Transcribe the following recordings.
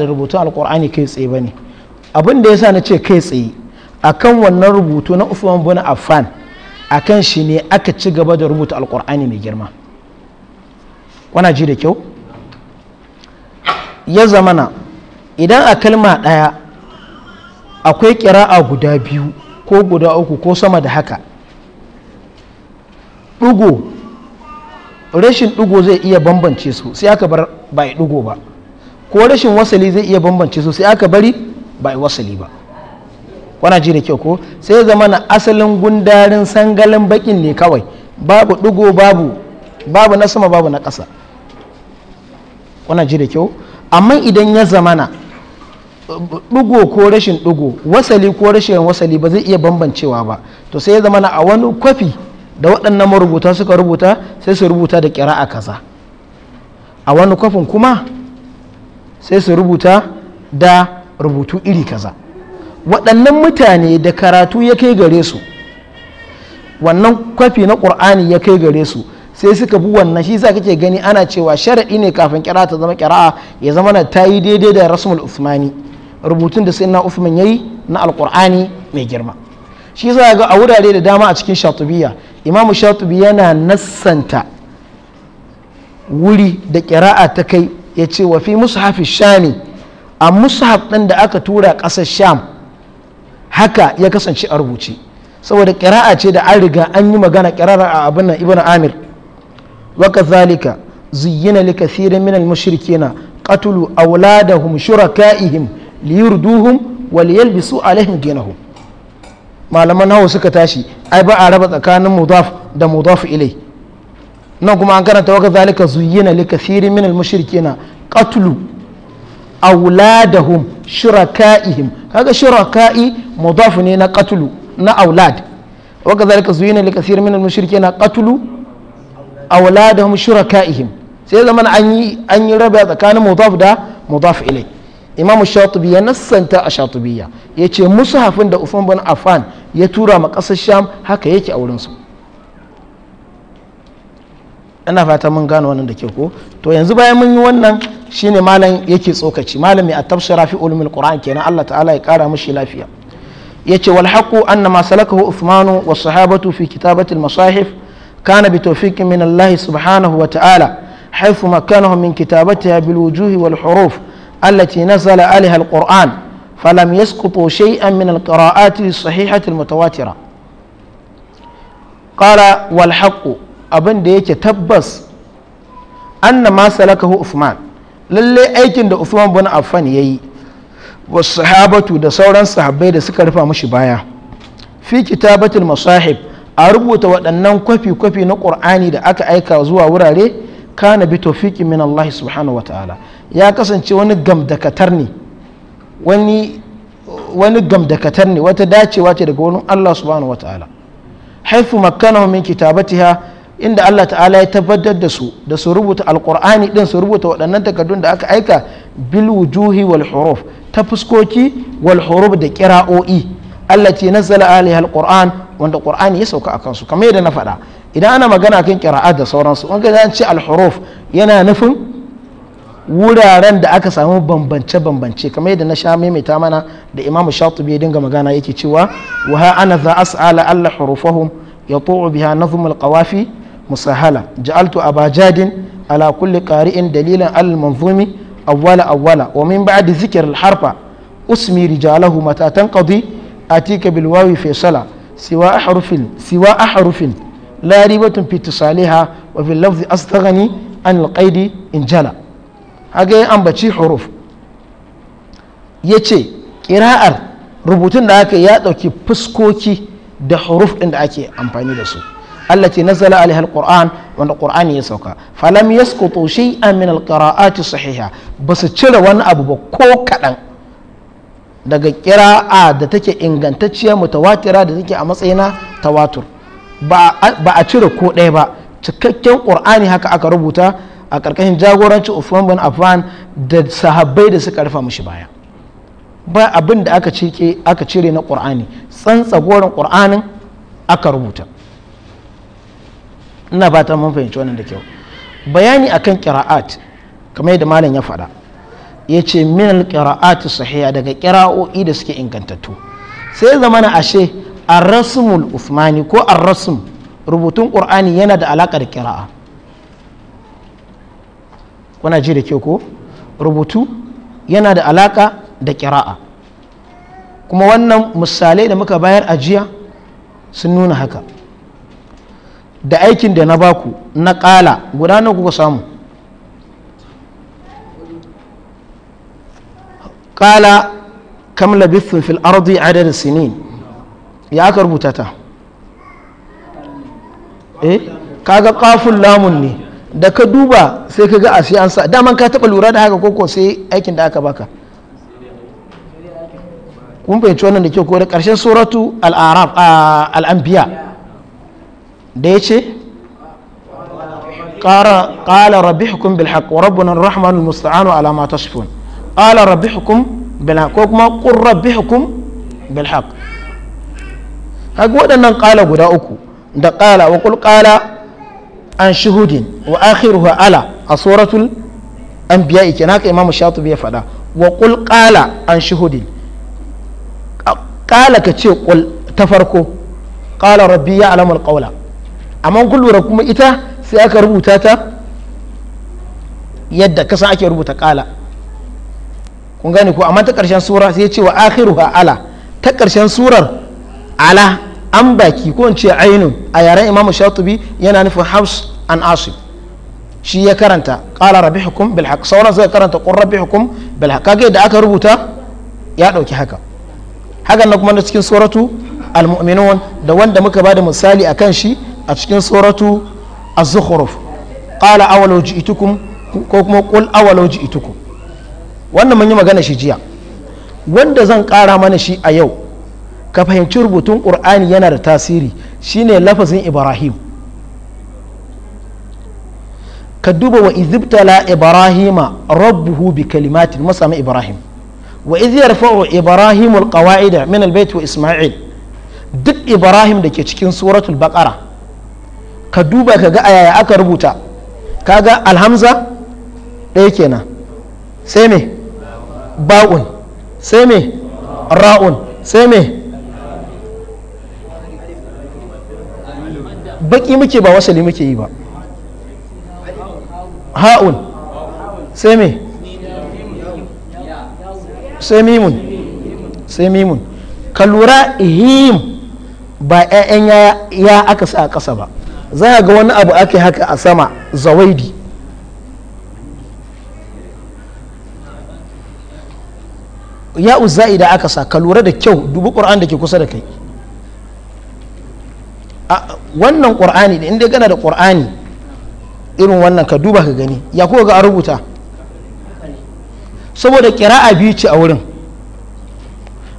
da rubutun alkur'ani kai tsaye ba ne abin da sa na ce kai tsaye akan wannan rubutu na Uthman bin Affan akan shi ne aka ci gaba da rubuta alkur'ani mai girma wana ji da kyau ya zamana idan a kalma ɗaya akwai ƙira'a guda biyu ko guda uku ko sama da haka ɗugo rashin ɗugo zai iya bambance su sai aka bar ba ɗugo ba ko rashin wasali zai iya bambance su aka bari ba wasali ba wana ji da kyau ko sai ya zama na asalin gundarin sangalin bakin ne kawai babu ɗigo babu babu na sama babu na ƙasa wana ji da kyau amma idan ya zamana ɗigo ko rashin ɗigo wasali ko rashin wasali ba zai iya bambancewa ba to sai ya zamana a wani kwafi da waɗannan marubuta suka rubuta sai su rubuta da a kaza a wani kwafin kuma sai su rubuta da rubutu iri kaza waɗannan mutane da karatu ya kai gare su wannan kwafi na ƙur'ani ya kai gare su sai suka bi wannan shi sa kake gani ana cewa sharaɗi ne kafin kira ta zama kira'a ya zama na ta yi daidai da rasmul usmani rubutun da sayyidina ya yayi na alƙur'ani mai girma shi za ga a wurare da dama a cikin shatubiya imamu shatubi yana nassanta wuri da kira'a ta kai ya ce wa fi mushafi shami a mushaf ɗin da aka tura ƙasar sham haka ya kasance a rubuce saboda ƙira'a ce da an riga an yi magana ƙira'ar a abin nan ibn amir waka zalika zuyyina li kathirin min al-mushrikina qatlu awladahum shurakaihim liyurduhum wa yalbisu alaihim dinahum malaman hawa suka tashi ai ba a raba tsakanin mudaf da mudaf ilai nan kuma an karanta waka zalika zuyyina li kathirin min al-mushrikina qatlu auladahum shuraka'ihim kaga shuraka'i mudaf ne na qatlu na aulad wa kadhalika zuyina li kaseer min al-mushrikeena qatlu auladahum shuraka'ihim sai zaman an yi an yi raba tsakanin mudaf da mudaf ilai Imam shatibi ya nassanta a shatibiyya yace mushafin da Uthman bin Affan ya tura ma kasar Sham haka yake a wurin su ina fata mun gano wannan da ke ko to yanzu bayan mun yi wannan shine malam yake tsokaci malami a tafsira fi ulumul qur'an kenan Allah ta'ala ya kara mishi lafiya yace wal haqu anna ma salakahu uthmanu wa sahabatu fi kitabati al masahif kana bi tawfiqin min Allah subhanahu wa ta'ala حيث مكنهم من كتابتها بالوجوه والحروف التي نزل عليها القرآن فلم يسقطوا شيئا من القراءات الصحيحة المتواترة قال والحق abin da yake tabbas anna ma salakahu Uthman lalle aikin da Uthman bin Affan yayi wa sahabatu da sauran sahabbai da suka rufa mashi baya fi kitabatul masahib a rubuta waɗannan kwafi-kwafi na ƙur'ani da aka aika zuwa wurare kana bi tawfiqin min Allah subhanahu wa ya kasance wani gamdakatar ne wani wani gamdakatar ne wata dacewa ce daga wurin Allah subhanahu wa ta'ala haifu makkanahu min kitabatiha inda Allah ta'ala ya tabbatar da su da su rubuta alkur'ani din su rubuta waɗannan takardun da aka aika bil wujuhi wal huruf ta fuskoki wal huruf da kira'o'i Allah ce nazzala alaihi alquran wanda qur'ani ya sauka akan su kamar yadda na faɗa idan ana magana kan qira'a da sauransu wanda zan ce al huruf yana nufin wuraren da aka samu bambance bambance kamar yadda na sha maimaita mana da Imam Shatibi ya dinga magana yake cewa wa ha ana za as'ala alla hurufahum yatu'u biha nazm al qawafi musahala ja'altu aba jadin ala kulli qari'in dalilin al manzumi awwala awala wa min ba'di zikr al harfa usmi rijalahu mata tanqadi atika bil wawi fi sala siwa ahrufin siwa lari la ribatun fi tisaliha wa fil lafzi astaghni an al injala haga ya ambaci huruf yace kira'ar rubutun da aka ya dauki fuskoki da huruf din da ake amfani da su allati nazala alaiha alquran wanda ƙur'ani ya sauka falam yasqutu shay'an min alqira'ati sahiha basu cire wani abu ba ko kaɗan daga kira'a da take ingantacciya mu tawatira da take a matsayina tawatur ba a cire ko ɗaya ba cikakken ƙur'ani haka aka rubuta a ƙarƙashin jagorancin Uthman bin Affan da sahabbai da suka rufa mushi baya ba abin da aka cire na ƙur'ani tsantsa goron ƙur'anin aka rubuta ina fata mun fahimci wannan da kyau bayani akan qira'at kamar yadda malam ya faɗa yace min kira'atu qira'at sahiha daga qira'o'i da suke ingantattu sai zamana ashe ar-rasmul usmani ko ar-rasm rubutun qur'ani yana da alaka da qira'a kuna ji da kyau ko rubutu yana da alaka da qira'a kuma wannan misalai da muka bayar a jiya sun nuna haka da aikin da na baku na kala guda nawa kuka samu kala kam labithun fil ardi adad sinin ya aka rubuta ta eh kaga kafin lamun ne da ka duba sai ka ga a sai an sa daman ka taba lura da haka koko sai aikin da aka baka kun fahimci wannan da kyau ko da karshen suratu al-araf da ya ce ƙala rabbi hukum bil haq wa rabbuna rahman musta'anu ala ma tasifun ƙala rabbi hukum bil ko kuma qur rabbi hukum bil haka waɗannan ƙala guda uku da ƙala wa ƙul ƙala an shuhudin wa akhiru akhiruhu ala a suratul biya ike na ka imamu shatu biya faɗa wa ƙul ƙala an shuhudin ƙala ka ce ƙul ta farko ƙala rabbi ya alamul ƙaula amma kun kuma ita sai aka rubuta ta yadda kasa ake rubuta kala kun gane ko amma ta ƙarshen sura sai ya ce wa ha ala ta karshen surar ala an baki ko in ce ainun a yaren imam shatubi yana nufin haus an asib shi ya karanta qala hukum bil haq sauran sai karanta qur hukum bil haq kage da aka rubuta ya dauki haka hakan na kuma na cikin suratu al-mu'minun da wanda muka bada misali akan shi a cikin suratu a zukhruf ƙala awaloji itukun ko kuma ƙul awaloji itukun wannan manyan magana shi jiya wanda zan ƙara mana shi a yau ka fahimci rubutun ƙur'ani yana da tasiri shine lafazin ibrahim ka duba wa izibtala ibrahima rabbuhu bi kalimatin masami ibrahim wa iz fa'o ibrahimul qawa'ida min albayt wa isma'il duk ibrahim da ke cikin suratul baqara ka duba ka ga ayaya aka rubuta ka ga alhamza ɗaya kenan sai me ba'un sai me ra'un sai me baki muke ba wasali muke yi ba ha'un sai me sai mimun sai mimun ka lura ihim ba 'ya'yan ya aka sa a ƙasa ba za a ga wani abu ake haka a sama zawaidi ya da aka sa ka lura da kyau dubu ƙur'an da ke kusa da kai wannan ƙur'ani da inda gana da ƙur'ani irin wannan ka duba ka gani ya kuka ga rubuta saboda ƙira'a biyu ce a wurin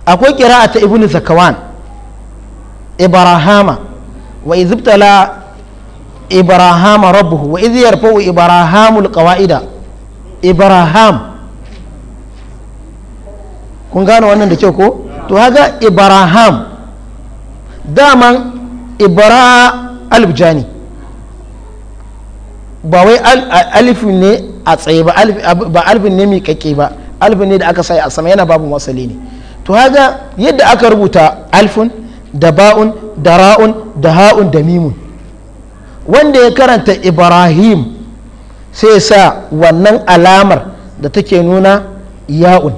akwai ƙira'a ta ibn zakawan ibrahama wa izibtala ibrahama rabbuhu wa idh yarfa'u ibrahamu alqawaida ibrahim kun gano wannan da kyau ko to haga ibrahim daman ibra alibjani ba wai alifin ne a tsaye ba alifin ne mai kake ba alifin ne da aka sai a sama yana babu wasali ne to haga yadda aka rubuta alfun da ba'un da ra'un da ha'un da mimun wanda ya karanta ibrahim sai sa wannan alamar da take nuna ya'un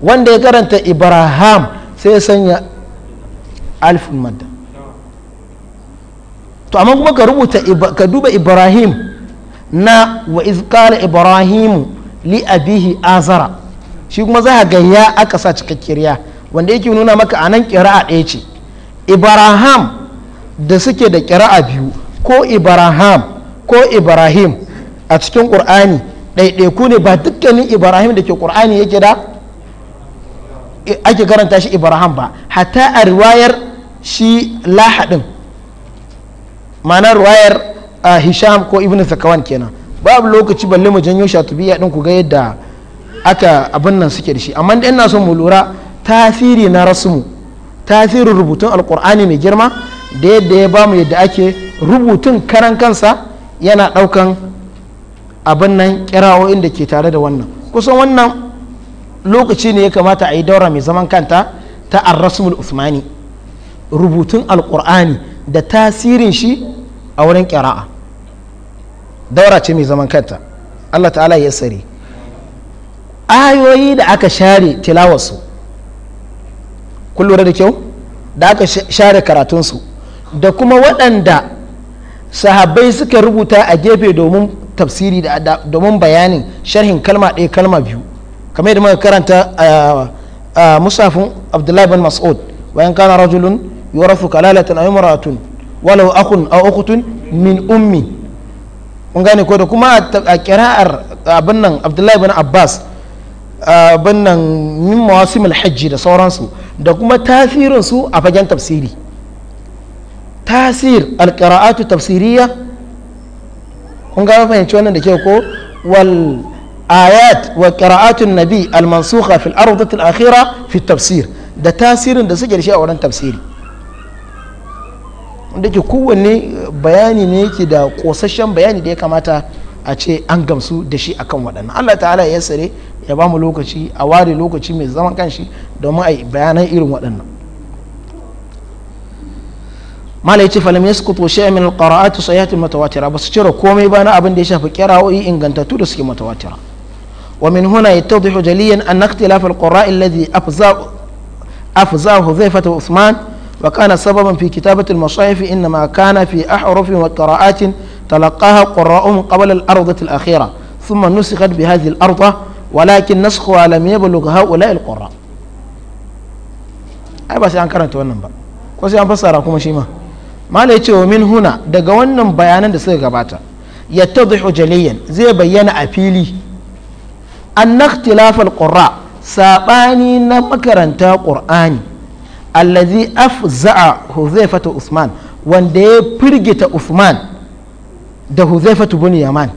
wanda ya karanta ibrahim sai sanya alfin madda to amma kuma ka rubuta ka duba ibrahim na wa izkala ibrahimu li abihi azara shi kuma za ga ya aka sa cikakkiyar ya wanda yake nuna maka anan kira'a ɗaya ce ibrahim da suke da kira'a biyu ko ibrahim ko ibrahim a cikin ƙur'ani ɗaiɗaiku ne ba dukkanin ibrahim da ke ƙur'ani yake da ake karanta shi ibrahim ba hatta a riwayar shi lahadin mana riwayar hisham ko ibn zakawan kenan babu lokaci balle mu janyo shatubiya ɗin ku ga yadda aka abin nan suke da shi amma da ina son mu lura tasiri na rasmu tasirin rubutun alkur'ani mai girma da yadda ya bamu yadda ake rubutun karan kansa yana ɗaukan abin nan kirawo da ke tare da wannan kusan wannan lokaci ne ya kamata a yi daura mai zaman kanta ta arrasmul usmani rubutun alkur'ani da tasirin shi a wurin kira'a daura ce mai zaman kanta allah ta'ala ya sari ayoyi da aka share tilawarsu kun da kyau da aka share karatunsu da kuma waɗanda sahabbai suka rubuta a gefe domin tafsiri da domin bayanin sharhin kalma ɗaya kalma biyu kamar yadda muka karanta a musafin abdullahi bin mas'ud wayan kana rajulun yurafu kalalatan aw imra'atun walau akhun aw ukhtun min ummi mun gane ko da kuma a kira'ar abin nan abdullahi bin abbas abin nan min mawasim alhajji da sauransu da kuma tasirin su a fagen tafsiri tasir alƙara'atu tafsiriya kun gaba fahimci wannan da ke ko wal ayat wa ƙara'atun nabi al-mansukha fil ardatil akhira fi tafsir da tasirin da suke da shi a wurin tafsiri wanda ke kowanne bayani ne yake da ƙosashen bayani da ya kamata a ce an gamsu da shi akan waɗannan allah ta'ala ya sare ya ba mu lokaci a ware lokaci mai zaman kanshi domin a bayanan irin waɗannan malai ce falam yasqutu shay'an min alqira'ati sahihatin mutawatira basu cire komai ba na abin da ya shafi qira'o'i ingantattu da suke mutawatira wa min huna yattadihu jaliyan an ikhtilaf alqira'i alladhi afza afzahu dhayfatu uthman وكان سببا في كتابة المصاحف إنما كان في أحرف وقراءات تلقاها قراءهم قبل الأرضة الأخيرة ثم نسخت بهذه الأرضة ولكن نسخها لم يبلغ هؤلاء القراء أي بس أنكرت ونبأ وسيان فسر أكو شيء malai ce wa min huna daga wannan bayanan da suka gabata ya tadhihu jaliyan zai bayyana a fili an ikhtilafal qurra sabani na makaranta qur'ani allazi afza'a huzaifatu usman wanda ya firgita usman da huzaifatu bin yaman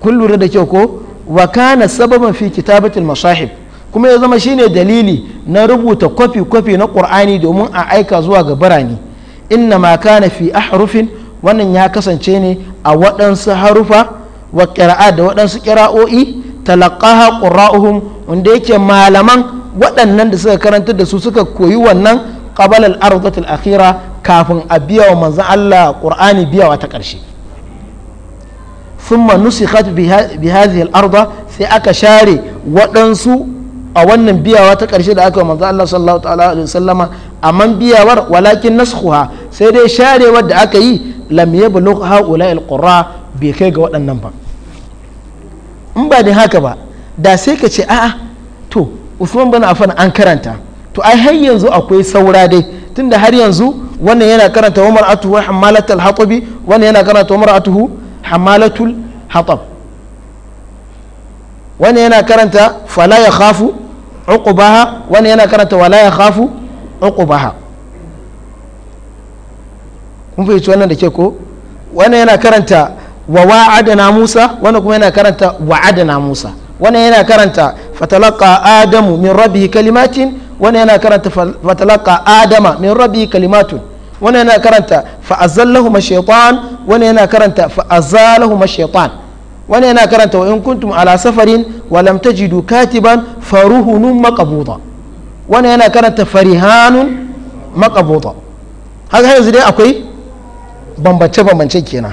kun lura da kyau ko wa kana sababan fi kitabatil masahib kuma ya zama shine dalili na rubuta kwafi kwafi na ƙur'ani domin a aika zuwa ga birane inna ma kana fi ahrufin wannan ya kasance ne a waɗansu harufa wa ƙira'a da waɗansu ƙira'o'i talaqaha qurra'uhum wanda yake malaman waɗannan da suka karanta da su suka koyi wannan qabala al-ardatil akhira kafin a biya wa manzon Allah Qur'ani biyawa ta ƙarshe thumma nusikhat bi hadhihi al sai aka share waɗansu a wannan biyawa ta ƙarshe da aka manzo Allah sallallahu ta'ala alaihi wasallama amma biyawar walakin naskhuha sai dai sharewar da aka yi lam yablugh haula alqura bai kai ga waɗannan ba in ba da haka ba da sai ka ce a'a to Usman bin Affan an karanta to ai har yanzu akwai saura dai tunda har yanzu wannan yana karanta umar atuhu hamalatul hatabi wannan yana karanta Umar Atuhu hamalatul hatab wannan yana karanta fala ya khafu uqubaha wani yana karanta wala ya khafu uqubaha kun fahimci wannan da ke ko wani yana karanta wa na Musa wani kuma yana karanta na Musa wani yana karanta fatalaqa adamu min rabbihi kalimatin wani yana karanta fatalaqa adama min rabbihi kalimatun wani yana karanta fa'azallahuma shaytan wani yana karanta fa'azalahuma shaytan wani yana karanta wa in kuntum ala safarin wa lam tajidu katiban faruhunun maqbuda wani yana karanta farihanun maqbuda haka yanzu dai akwai bambance bambance kenan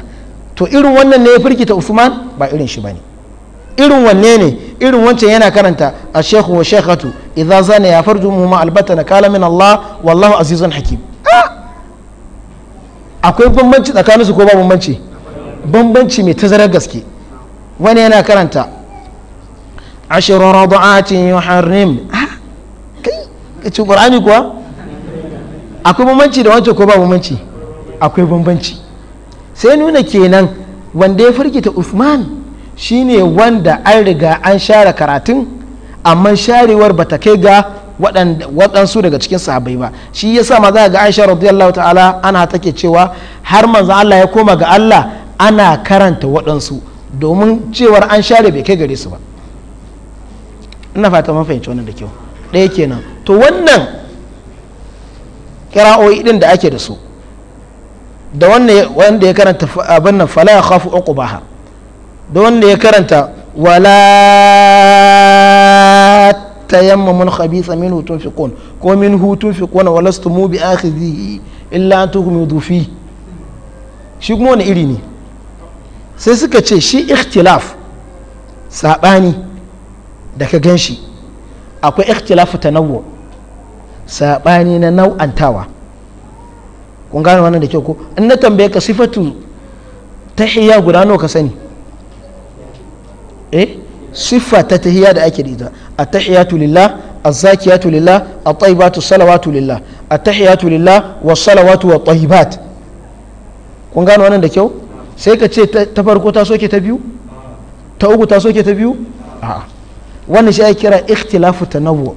to irin wannan ne ya firgita Usman ba irin shi bane irin wanne ne irin wancan yana karanta a shekhu wa shekhatu idan zane ya farju mu ma albata na kala min Allah wallahu azizun hakim akwai bambanci tsakaninsu ko ba bambanci bambanci mai tazarar gaske wani yana karanta ashirin rabu'atin yuharrim ah, kai ka ci ƙur'ani kuwa akwai bambanci da wancan ko ba bambanci akwai bambanci sai nuna kenan wanda ya firgita usman shine wanda an riga an share karatun amma sharewar ba ta kai ga waɗansu daga cikin sahabbai ba shi yasa ma za ga aisha radiyallahu ta'ala ana take cewa har manzo Allah ya koma ga Allah ana karanta waɗansu domin cewar an share bai kai gare su ba ina fata mun fahimci wannan da kyau ɗaya kenan to wannan kira'o'i din da ake da su da wanda ya karanta abin nan fala ya khafu uqbaha da wanda ya karanta wala tayammamun khabitha minhu tunfiqun ko minhu tunfiquna mu bi akhidhihi illa an tughmidu shi kuma wani iri ne sai suka ce shi ikhtilaf saɓani da ka gan shi akwai ikhtilafu tanawwu saɓani na nau'antawa kun gane wannan da kyau ko in na tambaye ka sifatu tahiyya guda nawa ka sani eh siffa ta tahiyya da ake da ita a tahiyatu lillah az-zakiyatu lillah at-tayyibatu salawatu lillah at-tahiyatu lillah was-salawatu wat-tayyibat kun gane wannan da kyau sai ka ce ta farko ta soke ta biyu ta uku ta soke ta biyu a'a wannan shi ya kira ikhtilafu tanawwu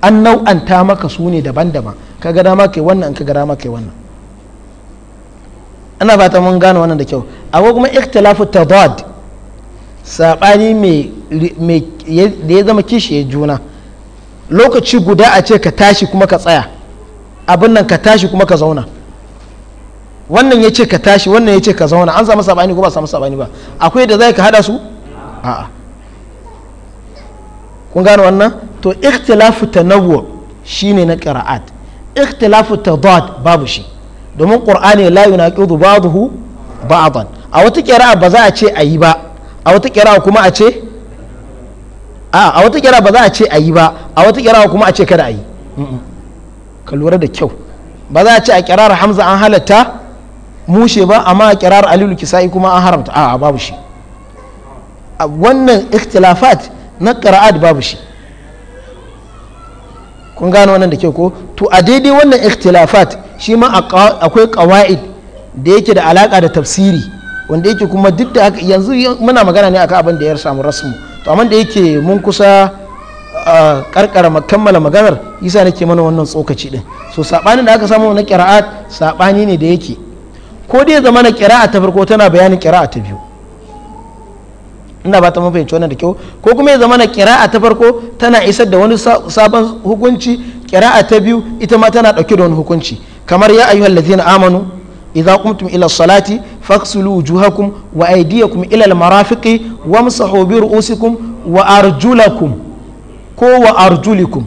an nau'anta maka su ne daban-daban ka ga dama kai wannan ka ga dama kai wannan ana fata mun gane wannan da kyau akwai kuma ikhtilafu tadad sabani mai da ya zama kishi ya juna lokaci guda a ce ka tashi kuma ka tsaya abin nan ka tashi kuma ka zauna wannan ya ce ka tashi wannan ya ce ka zauna an samu sabani ko ba samu sabani ba akwai da zai ka hada su a'a kun gane wannan to ikhtilafu tanawwu shine na qira'at ikhtilafu tadad babu shi domin qur'ani la yunaqidu ba'dahu ba'dan a wata qira'a ba za a ce ayi ba a wata qira'a kuma a ce a a wata qira'a ba za a ce ayi ba a wata qira'a kuma a ce kada ayi ka lura da kyau ba za a ce a qirar hamza an halatta mushe ba amma a kirar alilu kisa'i kuma an haramta a babu shi wannan ikhtilafat na qira'at babu shi kun gano wannan da ke ko to a daidai wannan ikhtilafat shi ma akwai qawaid da yake da alaka da tafsiri wanda yake kuma duk da haka yanzu muna magana ne akan abin da ya samu rasmu to amma da yake mun kusa karkara kammala maganar yasa nake mana wannan tsokaci din so sabanin da aka samu na qira'at sabani ne da yake ko dai zama na kira'a ta farko tana bayanin kira'a ta biyu ina ba ta mafi wannan da kyau ko kuma ya zama na kira'a ta farko tana isar da wani sabon hukunci kira'a ta biyu ita ma tana ɗauke da wani hukunci kamar ya ayyuhal ladzina amanu idza qumtum ila salati faghsilu wujuhakum wa aydiyakum ila al marafiqi wamsahu bi ru'usikum wa arjulakum ko wa arjulikum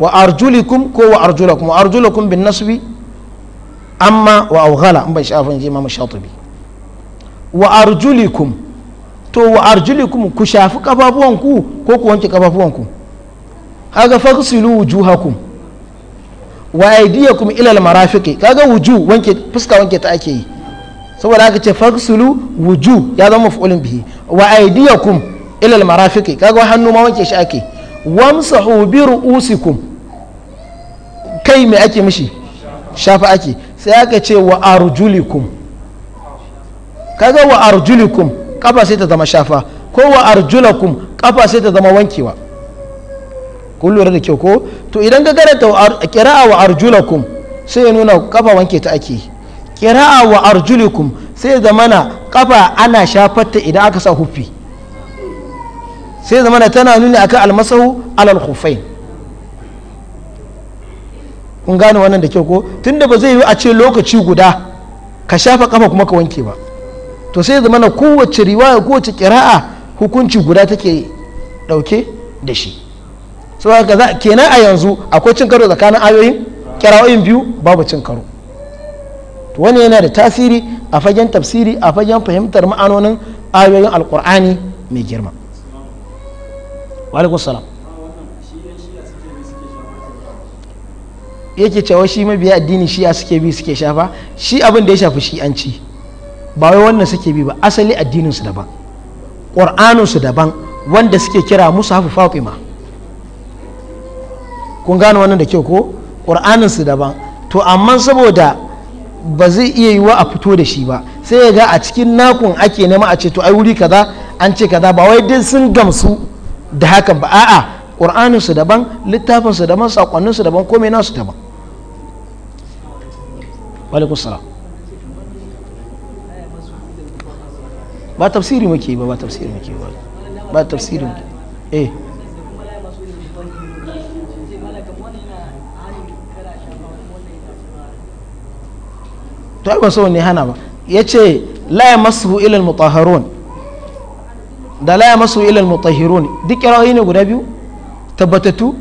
wa arjulikum ko wa arjulakum wa arjulakum bin nasbi amma wa aughala in ban shafin ji imam shatibi wa arjulikum to wa arjulikum ku shafi kafafuwanku ko ku wanke kafafuwanku kaga fagsilu wujuhakum wa aydiyakum ila almarafiqi kaga wuju wanke fuska wanke ta ake yi saboda haka ce fagsilu wuju ya zama maf'ulun bihi wa aydiyakum ila almarafiqi kaga hannu ma wanke shi ake wamsahu bi ru'usikum kai me ake mishi shafa ake sai aka ce wa arjulikum kaga wa arjulikum kafa sai ta zama shafa ko wa arjulakum kafa sai ta zama wankewa kun lura da kyau ko to idan ka karanta kira'a wa arjulakum sai ya nuna kafa wanke ta ake kira'a wa arjulikum sai zama na kafa ana shafarta idan aka sa huffi sai zama na tana nuni akan almasahu alal khufain kun gane wannan da kyau ko tunda ba zai yi a ce lokaci guda ka shafa kafa kuma ka wanke ba to sai zama na kowace riwaya kowace kira'a hukunci guda take dauke da shi saboda kaza kenan a yanzu akwai cin karo tsakanin ayoyin kira'oyin biyu babu cin karo to wani yana da tasiri a fagen tafsiri a fagen fahimtar ma'anonin ayoyin alkur'ani mai girma wa alaikun salam yake cewa shi mabiya addini shi shi'a suke bi suke shafa shi abin da ya shafi shi'anci ba wai wannan suke bi ba asali addinin su daban ƙur'anin daban wanda suke kira musu hafi fatima kun gano wannan da kyau ko ƙur'anin daban to amma saboda ba zai iya wa a fito da shi ba sai ya ga a cikin nakun ake nema a ce to ai wuri kaza an ce kaza ba wai dai sun gamsu da hakan ba a'a ƙur'aninsu daban littafinsu daban saƙonninsu daban komai nasu daban walaikun salam ba tafsiri muke ba ba tafsiri muke ba ba tafsiri muke eh to ba so ne hana ba yace la ya ila al mutahharun da la ya ila al mutahharun duk kirawoyi ne guda biyu tabbatatu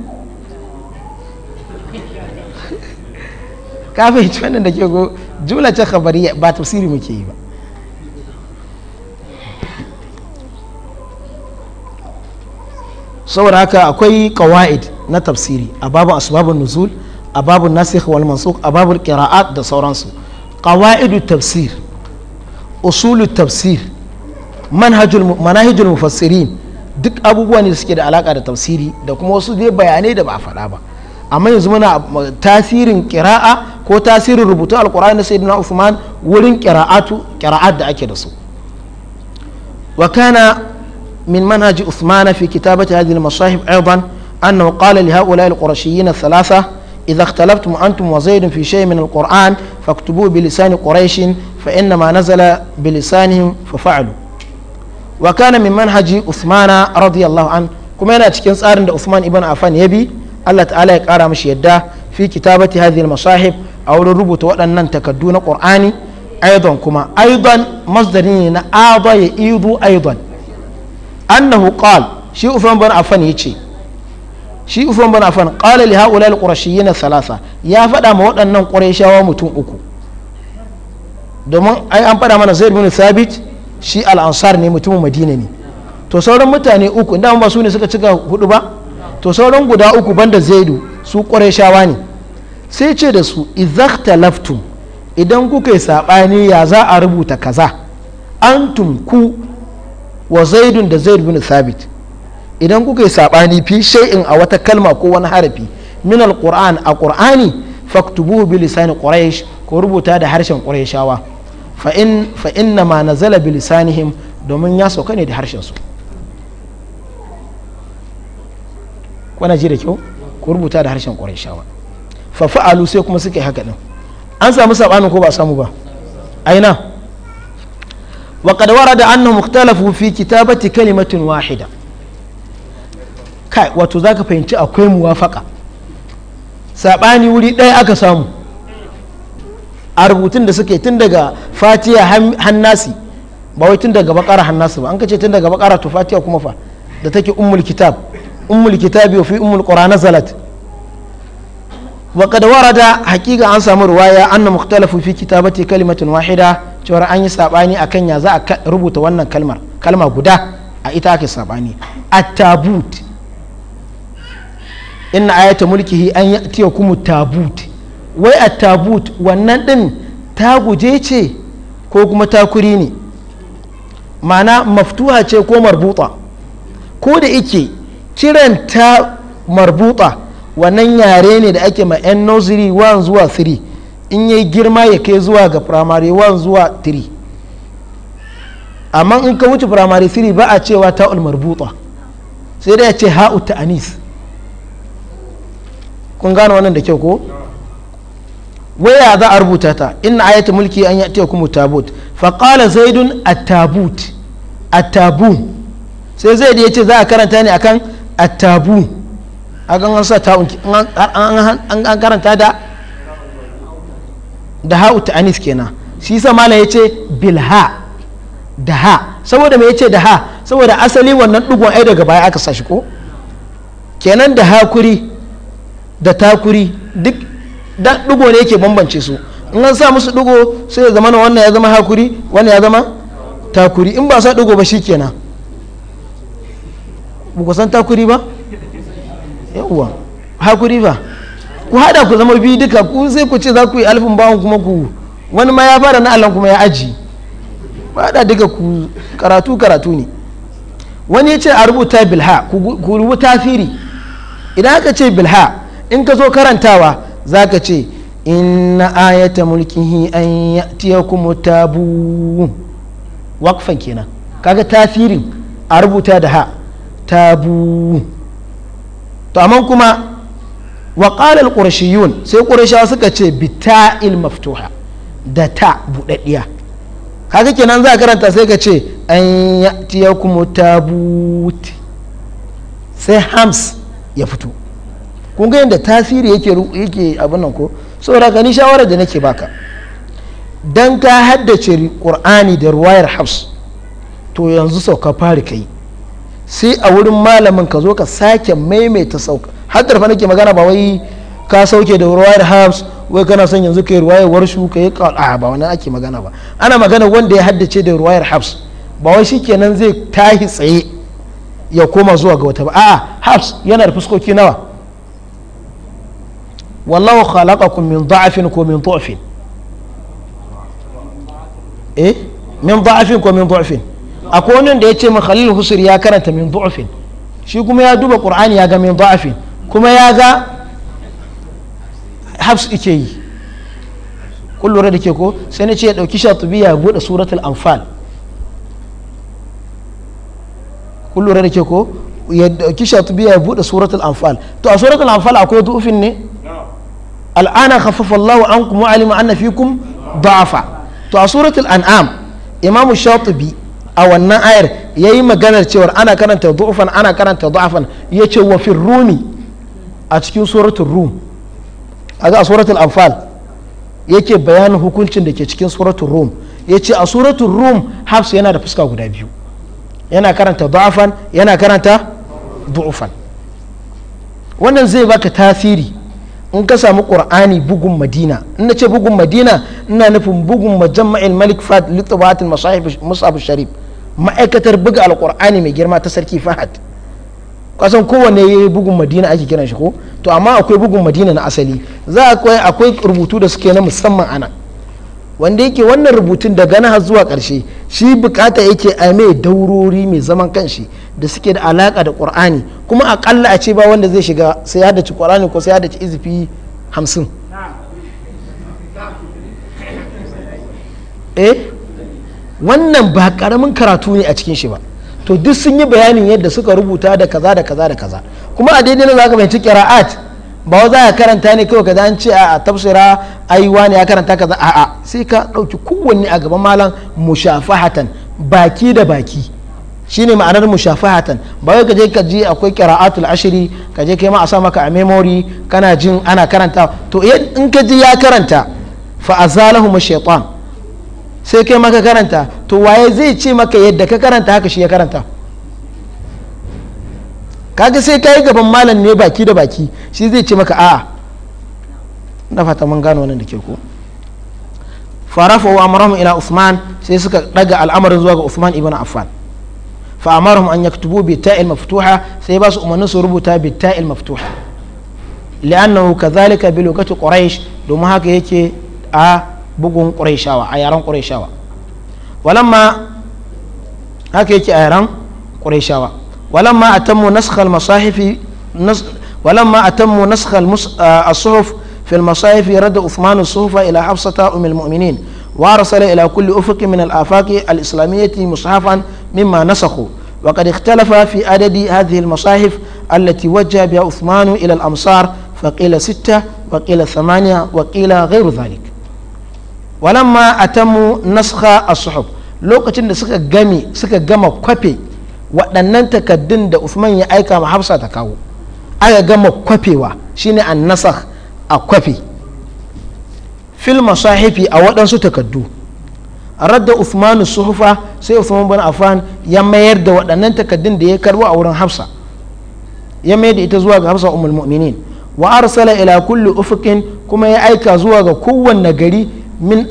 ka fahimci wannan da ke go jula ce khabariya ba tafsiri muke yi ba saboda haka akwai qawaid na tafsiri a babu asbabun nuzul a babu nasikh wal mansukh a babu qira'at da sauransu Ƙawa'idu tafsir usulu tafsir manhajul manahijul mufassirin duk abubuwan da suke da alaka da tafsiri da kuma wasu dai bayanai da ba a faɗa ba amma yanzu muna tasirin qira'a ko tasirin rubutun alkurai na sayyidina usman wurin kira'atu da ake da su wa kana min manhaji Uthman fi kitabati hadhihi al-masahib aidan annahu qala li ha'ula al salasa. thalatha idha ikhtalaftum antum wa zayd fi shay' min al-quran faktubu bi lisan quraish fa inna ma nazala bi lisanihim fa fa'lu wa min manhaji Uthman radiyallahu an kuma yana cikin tsarin da usman ibn Affan ya bi Allah ta'ala ya kara mishi yadda fi kitabati hadhihi al-masahib a wurin rubuta waɗannan takardu na ƙur'ani aidan kuma aidan masdari ne na aba ya idu aidan annahu qal shi ufan afan ya ce shi ufan bin afan qala li haula al qurashiyyin thalatha ya faɗa ma waɗannan qurayshawa mutum uku domin ai an faɗa mana zaid bin thabit shi al ansar ne mutumin madina ne to sauran mutane uku inda ba su ne suka cika hudu ba to sauran guda uku banda zaidu su qurayshawa ne sai ce da su izakta laftun idan kuka yi saɓani ya za a rubuta kaza antum ku wa zaidun da zaid bin sabit idan kuka yi saɓani fi shay'in a wata kalma ko wani harafi min alquran a qur'ani faktubu bi lisani quraish ko rubuta da harshen qurayshawa fa in fa inna ma nazala bi lisanihim domin ya sauka ne da harshen su kuna ji da kyau ku rubuta da harshen qurayshawa fa fa'alu sai kuma suke haka ɗin an samu sabani ko ba samu ba aina wa qad warada annahu mukhtalafu fi kitabati kalimatin wahida kai wato zaka fahimci akwai muwafaka sabani wuri ɗaya aka samu a rubutun da suke tun daga fatiya hannasi ba wai tun daga bakara hannasi ba an kace tun daga bakara to fatiya kuma fa da take ummul kitab ummul kitabi wa fi ummul qur'ana zalat wa qad warada hakika an samu ruwaya anna mukhtalafu ba kitabati kalimatin wahida cewa an yi sabani a ya za a rubuta wannan kalmar kalma guda a ita ake sabani at-tabut inna ayata mulkihi an ya'tiya kuma tabut wai at-tabut wannan din ta guje ce ko kuma takuri ne ma'ana maftuha ce ko marbuta ko da ike kiran ta marbuta wannan yare ne da ake ma 'yan nursery 1 zuwa 3 in yi girma ya kai zuwa ga primary 1 zuwa 3 amma in ka wuce primary 3 ba a cewa ta marbuta sai dai a ce ha'u ta anis kun gane wannan da kyau ko waya za a rubuta ta inna ayatu mulki an ya'tiya kuma tabut fa qala zaidun at-tabut at-tabu sai zaid ya ce za a karanta ne akan at-tabu a gan an sa ta an karanta da da ha'u ta anis kenan shi sa malam ya ce bilha da ha saboda me ce da ha saboda asali wannan dugon ai daga baya aka sashi ko kenan da hakuri da takuri duk dan dugo ne yake bambance su in an sa musu dugo sai ya zama wannan ya zama hakuri wannan ya zama takuri in ba sa dugo ba shi kenan ba ku san takuri ba yawwa hakuri ba ku hada ku zama biyu duka ku sai ku ce za ku yi alfin bawon kuma ku wani ma ya fara na allah kuma ya aji ba hada duka ku karatu karatu ne wani ya ce a rubuta bilha ku rubuta firi idan aka ce bilha in ka zo karantawa za ka ce inna ayata mulkihi an ya'tiya kuma tabu wakfan kenan kaga tasirin a rubuta da ha tabu to amma kuma wa qala qurashiyun sai qurashawa suka ce bita'il maftuha da ta budaddiya haka kenan za karanta sai ka ce an ya'tiyakum tabut sai hams ya fito kun ga yadda tasiri yake yake abin nan ko saboda ka ni shawarar da nake baka dan ka haddace qur'ani da ruwayar hams to yanzu sauka fari kai sai a wurin malamin ka zo ka sake maimaita sauka haddar fa nake magana ba wai ka sauke da ruwayar habs wai kana son yanzu kai ruwayar warshu ka yi ka ba wani ake magana ba ana magana wanda ya haddace da ruwayar habs ba wai shikenan zai tahi tsaye ya koma zuwa ga wata ba a'a habs yana da fuskoki nawa wallahu khalaqakum min da'afin ko min du'fin eh min da'afin ko min du'fin akwai wani da ya ce ma khalil husur ya karanta min du'afin shi kuma ya duba qur'ani ya ga min du'afin kuma ya ga hafs ike yi kun lura da ke ko sai na ce ya dauki shatubi ya suratul anfal kun lura da ke ko ya dauki shatubi ya suratul anfal to a suratul anfal akwai du'ufin ne al'ana khaffafa Allahu ankum wa alima anna fikum da'afa to a suratul an'am imamu shatubi a wannan ayar ya yi maganar cewar ana karanta du'ufan ana karanta du'afan ya ce wa rumi a cikin suratul rum a ga suratul anfal yake bayanin hukuncin da ke cikin suratul rum ya ce a suratul rum hafsu yana da fuska guda biyu yana karanta du'afan yana karanta du'ufan wannan zai baka tasiri in ka samu qur'ani bugun madina in na ce bugun madina ina nufin bugun majamma'in malik fad litabatin masahib sharif ma'aikatar buga alkur'ani mai girma ta sarki fahad kasan kowane ya yi bugun madina ake kiran shi ko to amma akwai bugun madina na asali za a akwai rubutu da suke na musamman ana wanda yake wannan rubutun daga na har zuwa karshe shi bukata yake a mai daurori mai zaman kanshi da suke da alaka da qur'ani kuma akalla a ce ba wanda zai shiga sai ya dace qur'ani ko sai ya dace izifi hamsin eh wannan ba karamin karatu ne a cikin shi ba to duk sun yi bayanin yadda suka rubuta da kaza da kaza da kaza kuma a daidai na za ka fahimci kira'at ba wa za a karanta ne kawai kaza an ce a tafsira aiwa ne ya karanta kaza a a sai ka ɗauki kowanne a gaban malam mushafahatan baki da baki shine ma'anar mushafahatan ba wai ka je ka ji akwai qira'atul ashiri ka je kai ma a sa maka a memory kana jin ana karanta to in ka ji ya karanta fa ma shaytan sai kai maka karanta to waye zai ce maka yadda ka karanta haka shi ya karanta kaga sai ka gaban malam ne baki da baki shi zai ce maka a'a na fata mun gano wannan da ke ko farafa wa amarahum ila usman sai suka daga al'amarin zuwa ga usman ibn affan fa amarahum an yaktubu bi ta'il maftuha sai ba su umarnin su rubuta bi ta'il maftuha li'annahu kadhalika bi lugati quraish domin haka yake a bugun ƙurashawa a yaren ƙurashawa walamma haka yake a yaren ƙurashawa walamma a tammu naskhal masahifi walamma a tammu naskhal asuhuf fil masahifi radda uthmanu suhufa ila hafsata umil mu'minin wa arsala ila kulli ufuqi min al afaqi al islamiyyati mushafan mimma nasakhu wa qad ikhtalafa fi adadi hadhihi al masahif التي وجه بها عثمان إلى الأمصار فقيل ستة وقيل ثمانية وقيل غير ma ta atamu nasuha a suhuf lokacin da suka gami suka gama kwafe waɗannan takaddun da Uthman ya aika ma Hafsa ta kawo aka gama kwafewa shine an nasa a kwafe fil masahifi a waɗansu takaddu radda Uthman suhufa sai Uthman bin Affan ya mayar da waɗannan takaddun da ya karbo a wurin Hafsa ya mayar da ita zuwa ga Hafsa ummul mu'minin wa arsala ila kulli ufukin kuma ya aika zuwa ga kowanne gari min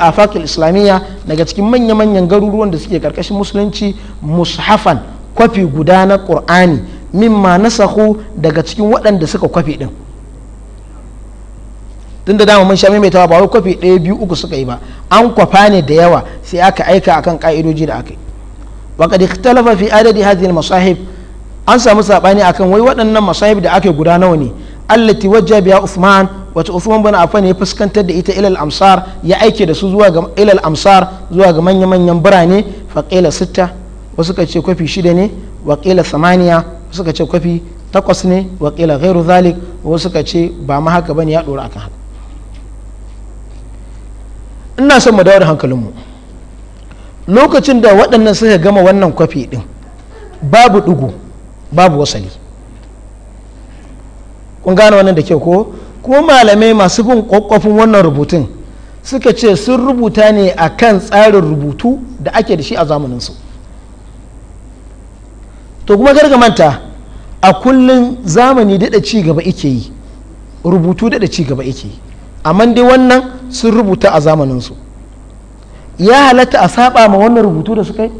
afaq islamiyya daga cikin manya-manyan garuruwan da suke karkashin musulunci mushafan kwafi guda na qur'ani mimma nasahu daga cikin waɗanda suka kwafi din tun da dama mun sha maimaitawa ba wai kwafi ɗaya biyu uku suka yi ba an kwafa ne da yawa sai aka aika akan ka'idoji da aka yi wa qad ikhtalafa fi adadi hadhihi al-masahib an samu sabani akan wai waɗannan masahib da ake guda nawa ne allati wajja biya Uthman wata Uthman bin Affan ya fuskantar da ita ilal amsar ya aike da su zuwa ga ilal amsar zuwa ga manya manyan birane fa qila sitta wasu ka ce kwafi shida ne wa qila samaniya wasu ka ce kwafi takwas ne wa qila ghairu zalik wasu ka ce ba ma haka bane ya dora akan haka ina son mu dawo da hankalinmu lokacin da waɗannan suka gama wannan kwafi din babu ɗugu babu wasali kun gane wannan da ke ko kuma malamai masu bin kwakwafin wannan rubutun suka ce sun rubuta ne a kan tsarin rubutu da ake da shi a zamaninsu to kuma gargamanta a kullum zamani daɗa ci gaba ike yi rubutu daɗa ci gaba ike yi amma dai wannan sun rubuta a zamaninsu ya halatta a saba ma wannan rubutu da suka yi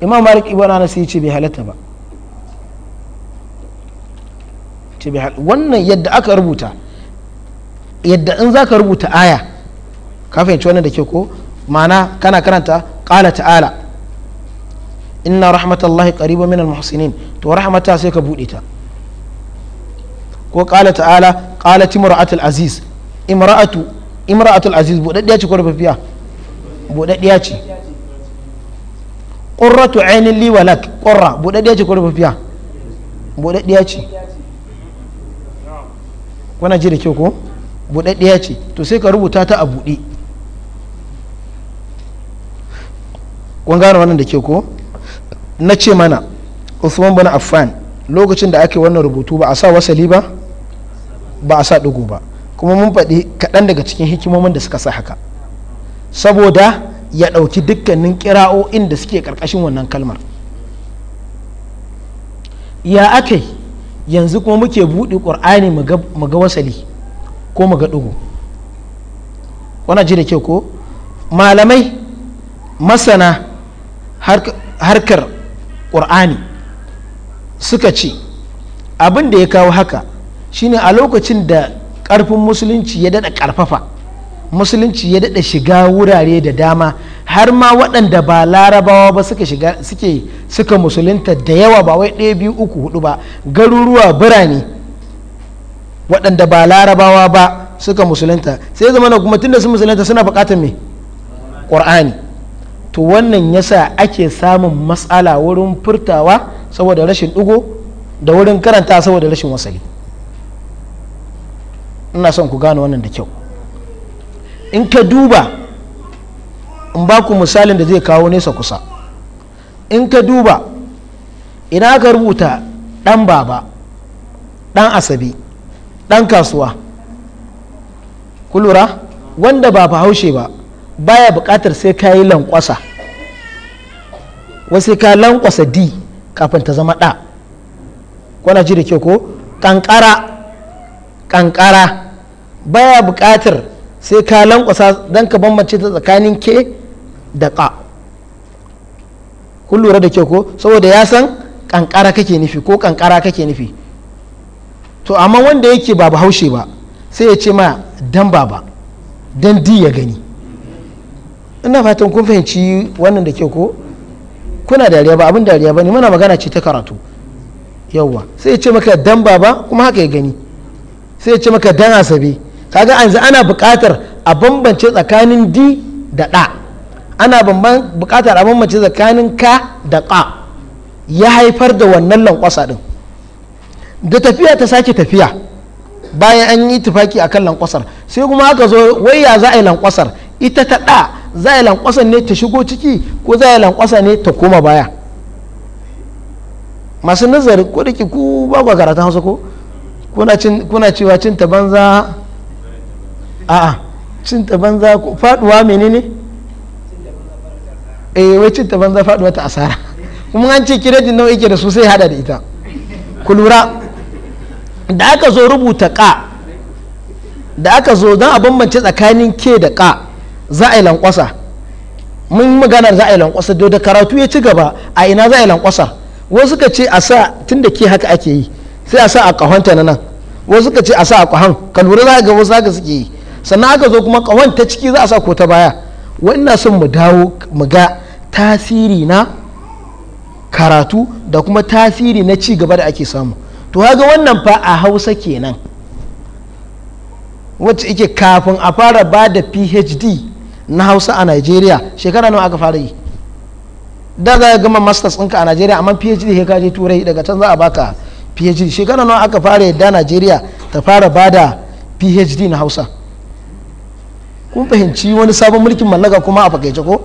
imam malik ibn anas ya ce bai halatta ba wannan yadda aka rubuta yadda in za ka rubuta aya ka fahimci wannan da ke ko ma'ana kana karanta kala ta'ala inna rahmatallahi qariba min almuhsinin to rahmata sai ka buɗe ta ko kala ta'ala qalat imra'atul aziz imra'atu imra'atul aziz buɗaɗɗiya ce ko rufaffiya buɗaɗɗiya ce qurratu ainin li walak qurra buɗaɗɗiya ce ko rufaffiya buɗaɗɗiya ce kuna ji da kyau ko buɗaɗɗiya ce to sai ka rubuta ta a buɗe kun gane wannan da ke ko na ce mana usman bin affan lokacin da ake wannan rubutu ba a sa wasali ba ba a sa ɗigo ba kuma mun faɗi kaɗan daga cikin hikimomin da suka sa haka saboda ya ɗauki dukkanin kira'o'in da suke ƙarƙashin wannan kalmar ya ake yanzu kuma muke buɗe ƙur'ani mu ga wasali ko mu ga ɗugu wana ji da ke ko malamai masana harkar ƙur'ani suka ce abin da ya kawo haka shine a lokacin da ƙarfin musulunci ya daɗa ƙarfafa musulunci ya daɗa shiga wurare da dama har ma waɗanda ba larabawa ba suka shiga suke suka musulunta da yawa ba wai ɗaya biyu uku hudu ba garuruwa birane waɗanda ba larabawa ba suka musulunta sai zama na kuma tunda sun musulunta suna buƙatar me ƙur'ani to wannan yasa ake samun matsala wurin furtawa saboda rashin ɗigo da wurin karanta saboda rashin wasali ina son ku gane wannan da kyau in ka duba in ba ku misalin da zai kawo nesa kusa in ka duba ina ka rubuta ɗan baba ɗan asabi ɗan kasuwa ku lura wanda ba haushe ba baya buƙatar sai ka yi lankwasa wasu ka lankwasa d kafin ta zama ɗa kwana ji da ke ko ƙanƙara ƙanƙara baya buƙatar sai ka lankwasa don ka bambance ta tsakanin ke da ƙa kun lura da ke ko saboda ya san ƙanƙara kake nufi ko ƙanƙara kake nufi to amma wanda yake ba haushe ba sai ya ce ma dan baba dan di ya gani ina fatan kun fahimci wannan da ke ko kuna dariya ba abin dariya ba ne muna magana ce ta karatu yauwa sai ya ce maka dan baba kuma haka ya gani sai ya ce maka dan asabe kaga yanzu ana buƙatar a bambance tsakanin di da ɗa ana buƙatar a bambance tsakanin ka da ƙa ya haifar da wannan lankwasa ɗin da tafiya ta sake tafiya bayan an yi tufaki a kan lankwasar sai kuma aka zo waya za a yi lankwasar ita ta ɗa za a yi lankwasar ne ta shigo ciki ko za a yi lankwasa ne ta koma baya masu nazari ko da ku ba karatun hausa ko kuna cewa cin ta banza a'a cin ta banza ko faduwa menene eh wai cin ta banza faduwa ta asara kuma an ce kiredin nau'i ke da su sai hada da ita ku lura da aka zo rubuta ka da aka zo don a bambance tsakanin ke da ka za a yi lankwasa mun magana za a yi lankwasa da karatu ya ci gaba a ina za a yi lankwasa wasu suka ce a sa tun da ke haka ake yi sai a sa a kahonta na nan wasu suka ce a sa a kahon ka lura za ga wasu haka suke yi sannan aka zo kuma kawan ta ciki za a sa ko ta baya wannan sun mu dawo mu ga tasiri na karatu da kuma tasiri na ci gaba da ake samu to haga wannan fa a hausa kenan wacce ike kafin a fara ba da phd na hausa a nigeria shekara nawa aka fara yi da za a gama masters ɗinka a nigeria amma phd ka je turai daga can za a baka phd shekara nawa aka fara yadda nigeria ta fara ba da phd na hausa kun fahimci wani sabon mulkin mallaka kuma a fakaice ko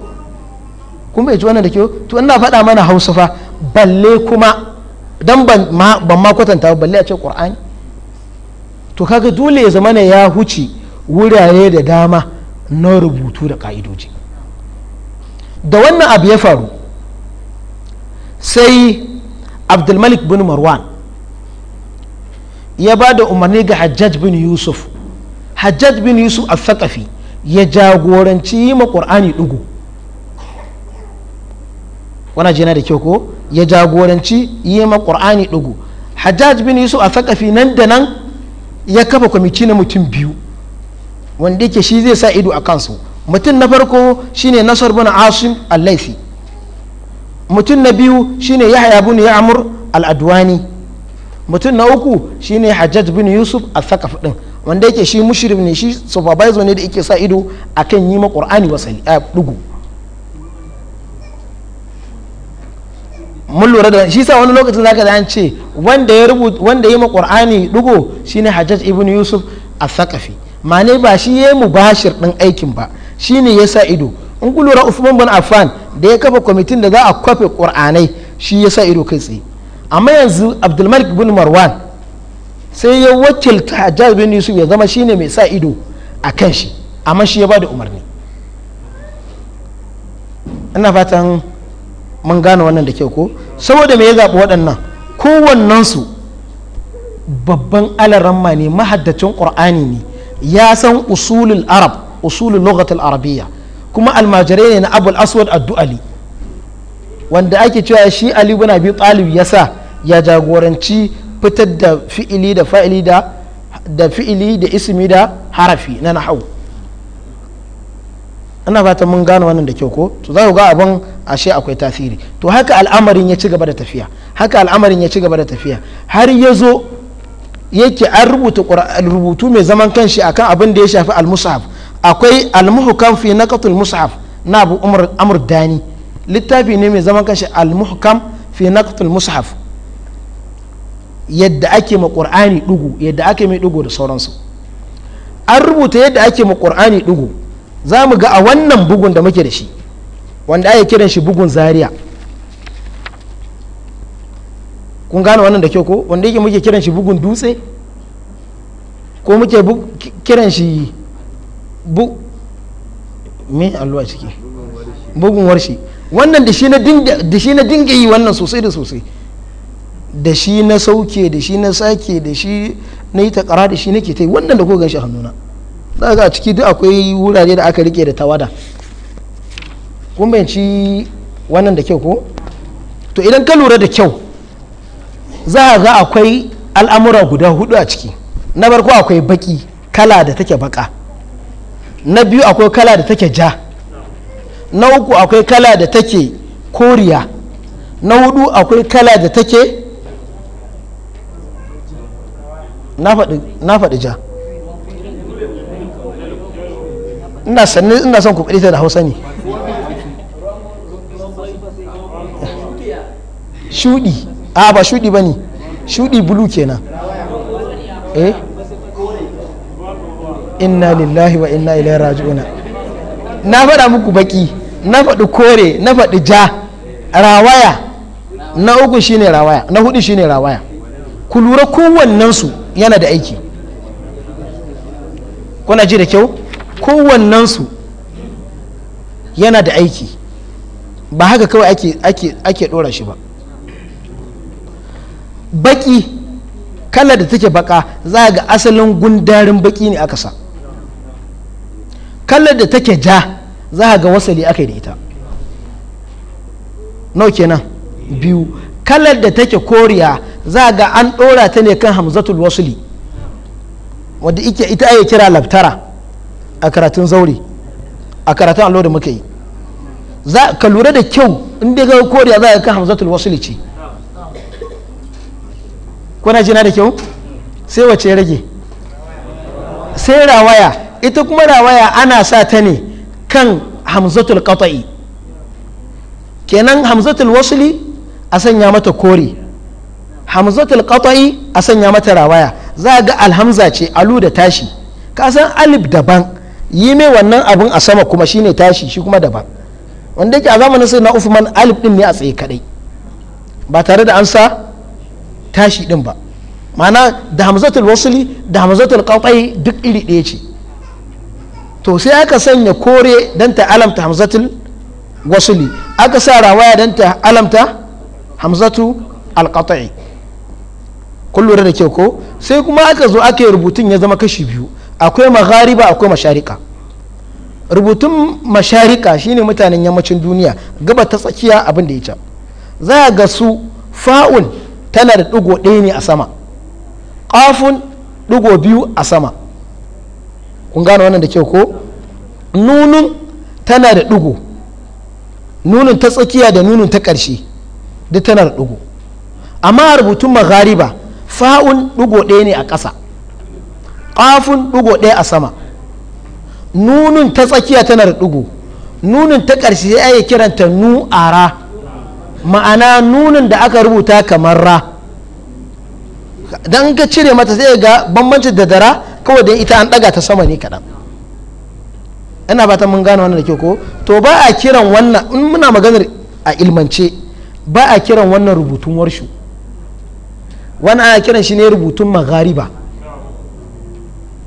kun fahimci wannan da kyau to ina faɗa mana hausa fa balle kuma dan ban ma kwatanta balle a ce qur'ani to kaga dole ya zama ya huce wurare da dama na rubutu da ka'idoji da wannan abu ya faru sai abdulmalik bin marwan ya ba da umarni ga hajjaj bin yusuf hajjaj bin yusuf al-thaqafi ya jagoranci yi ma ƙur'ani ɗugu wana jina da kyau ko ya jagoranci yi ma ƙur'ani ɗugu hajjaj bin yusuf a sakafi nan da nan ya kafa kwamiti na mutum biyu wanda yake shi zai sa ido a kansu mutum na farko shine nasar bin asim al-laifi mutum na biyu shine Yahaya bin ya'mur al-adwani mutum na uku shine hajjaj bin yusuf a sakafi ɗin. wanda yake shi mushrim ne shi supervisor ne da yake sa ido akan yi ma qur'ani wasali a eh, dugu mun lura da shi sa wani lokacin zaka da an ce wanda ya rubuta wanda ya ma qur'ani dugu shine Hajjaj ibn Yusuf al-Thaqafi mane ba shi ya mubashir din aikin ba shine ya sa ido in ku lura usman bin Affan da ya kafa kwamitin da za a kwafe qur'anai shi ya sa ido kai tsaye amma yanzu Abdulmalik bin Marwan sai ya wakilta jihar bin yusuf ya zama shine mai sa ido a kan shi amma shi ya ba da umarni ina fatan mun gane wannan da kyau ko saboda me ya zaɓi waɗannan kowannensu babban alaramma ne mahaddacin ƙur'ani ne ya san usulul arab usulul lughatul arabiyya kuma almajirai ne na abul aswad addu'ali wanda ake cewa shi ali bin abi talib ya sa ya jagoranci fitar da fi'ili da fa'ili da da fi'ili da ismi da harafi na nahau ana fatan mun gane wannan da kyau ko to za ku ga abin ashe akwai tasiri to haka al'amarin ya ci gaba da tafiya haka al'amarin ya ci gaba da tafiya har ya zo yake an rubuta rubutu mai zaman kanshi akan abin da ya shafi al-mushaf akwai al-muhkam fi naqatul mushaf na abu umar amr dani littafi ne mai zaman kanshi al-muhkam fi naqatul mushaf yadda ake ma ƙur'ani ɗugu yadda ake mai ɗugu da sauransu an rubuta yadda ake ma ƙur'ani ɗugu za mu ga a wannan bugun da muke da shi wanda ake kiran shi bugun zaria kun gane wannan da kyau ko wanda yake muke kiran shi bugun dutse ko muke kiran shi bu me alluwa ciki bugun warshi wannan da shi na dinga yi wannan sosai da sosai da shi na sauke da shi na sake da shi na yi takara da shi nake ta yi wannan da ko gan shi hannuna za ga a ciki duk akwai wurare da aka rike da tawada kun bayanci wannan da kyau ko to idan ka lura da kyau za a ga akwai al'amura guda hudu a ciki na farko akwai baki kala da take baka na biyu akwai kala da take ja na uku akwai kala da take koriya na hudu akwai kala da take na faɗi ja ina son ku ita da hausa ne Shuɗi. a ba shuɗi ba ne Shuɗi bulu kenan eh inna lillahi wa inna ilaihi raji'una na faɗa muku baki na faɗi kore na faɗi ja rawaya na uku shine rawaya na hudu shine rawaya ku lura kowannensu yana da aiki kuna ji da kyau kowannensu yana da aiki ba haka kawai ake, ake, ɗora shi ba baki kalar da take baka za ga asalin gundarin baki ne aka sa kalar da take ja za ga wasali aka yi da ita nau kenan biyu kalar da take koriya za ga an ɗora ta ne kan hamzatul wasuli wadda ita ake kira labtara a karatun zaure a karatun allo da muka yi za ka lura da kyau in dai ga koriya za ga kan hamzatul wasuli ce kuna jina da kyau sai wace rage sai rawaya ita kuma rawaya ana sa ta ne kan hamzatul kata'i kenan hamzatul wasuli a sanya mata kore hamzatul qata'i a sanya mata rawaya za ga alhamza ce alu da tashi ka san alif daban yi mai wannan abin a sama kuma shine tashi shi kuma daban wanda yake a zamanin sai na Uthman alif din ne a tsaye kadai ba tare da an tashi din ba ma'ana da hamzatul wasli da hamzatul qata'i duk iri ɗaya ce to sai aka sanya kore don ta alamta hamzatul wasli aka sa rawaya don ta alamta hamzatu alqata'i kullu da ke ko sai kuma aka zo aka yi rubutun ya zama kashi biyu akwai maghariba akwai masharika rubutun masharika shine mutanen yammacin duniya gaba ta tsakiya abin da ya ca za ga su fa'un tana da ɗigo ɗaya ne a sama ƙafun ɗigo biyu a sama kun gane wannan da kyau ko nunun tana da ɗigo nunun ta tsakiya da nunun ta ƙarshe duk tana da ɗugu amma rubutun maghariba fa'un ɗugo ɗaya ne a ƙasa ƙafun ɗugo ɗaya a sama nunun ta tsakiya tana da ɗugu nunun ta ƙarshe ya yi kiranta ra ma'ana nunin da aka rubuta kamar ra don ka cire mata sai ga bambancin da dara kawai da ita an ɗaga ta sama ne kaɗan ina ba ta mun gane wannan da ke ko to ba a kiran wannan in muna maganar a ilmance ba a kiran wannan rubutun warshu wani ana kiran shi ne rubutun maghariba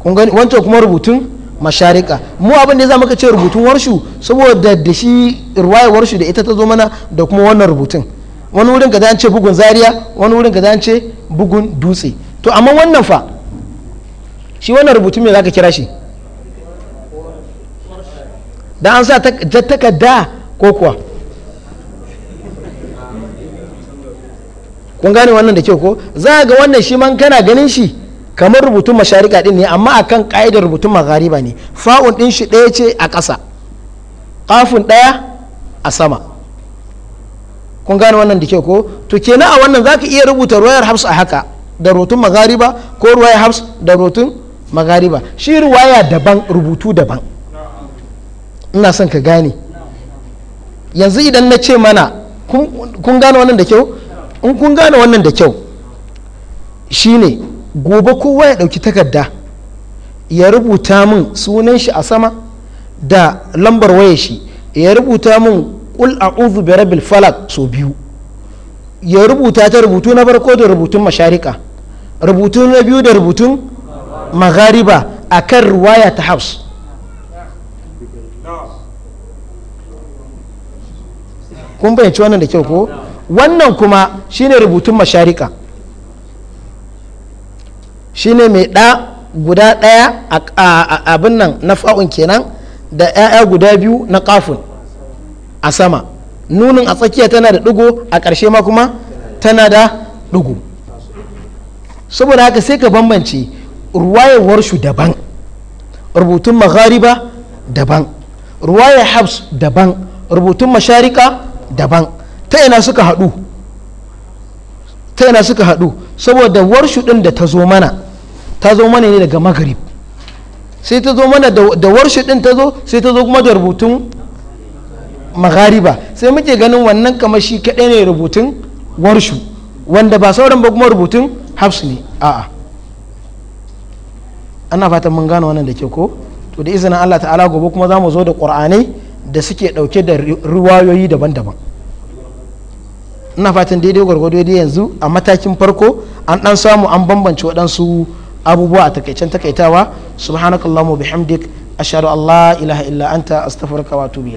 wancan kuma rubutun masharika mu abin da ya zama ce rubutun warshu saboda da shi ruwayar warshu da ita ta zo mana da kuma wannan rubutun wani wurin ka an ce bugun zaria wani wurin ka an ce bugun dutse to amma wannan fa shi wannan rubutun me zaka kira shi da an sa ta takarda ko kuwa kun gane wannan da kyau ko za ga wannan shi man kana ganin shi kamar rubutun masharika din ne amma akan ka'idar rubutun maghariba ne fa'un din shi ɗaya ce a ƙasa ƙafin ɗaya a sama kun gane wannan da kyau ko to kenan a wannan zaka iya rubuta ruwayar hafs a haka da rotun maghariba ko ruwayar hafs da rotun maghariba shi ruwaya daban rubutu daban ina son ka gane yanzu idan na ce mana kun gane wannan da kyau in kun gane wannan da kyau shine gobe kowa ya dauki takarda ya rubuta min sunan shi a sama da lambar waya shi ya rubuta min kul a'udhu bi rabbil falak so biyu ya rubuta ta rubutu na farko da rubutun masharika rubutu na biyu da rubutun maghariba akan ruwaya ta haus kun bayyanci wannan da kyau ko wannan kuma shine rubutun masharika shine mai ɗa guda ɗaya a abin nan na fa'un kenan da 'ya'ya guda biyu na ƙafun a sama nunin a tsakiya tana da ɗigo a ƙarshe ma kuma tana da ɗigo saboda haka sai ka bambance ruwayewar shu daban rubutun maghariba daban ruwayar habs daban rubutun masharika daban ta yana suka haɗu ta yana suka haɗu saboda warshu ɗin da ta zo mana ta zo mana ne daga magrib sai ta zo mana da warshu ɗin ta zo sai ta zo kuma da rubutun magariba sai muke ganin wannan kamar shi kaɗai ne rubutun warshu wanda ba sauran ba kuma rubutun hafs ne a'a ana fatan mun gane wannan da ke ko to da izinin Allah ta'ala gobe kuma za mu zo da ƙur'anai da suke ɗauke da riwayoyi daban-daban ina fatan daidai gwargwado dai yanzu a matakin farko an dan samu an bambance waɗansu abubuwa a takaicen takaitawa subhanakallahu bihamdik ashhadu an la ilaha illa anta astaghfiruka wa atubu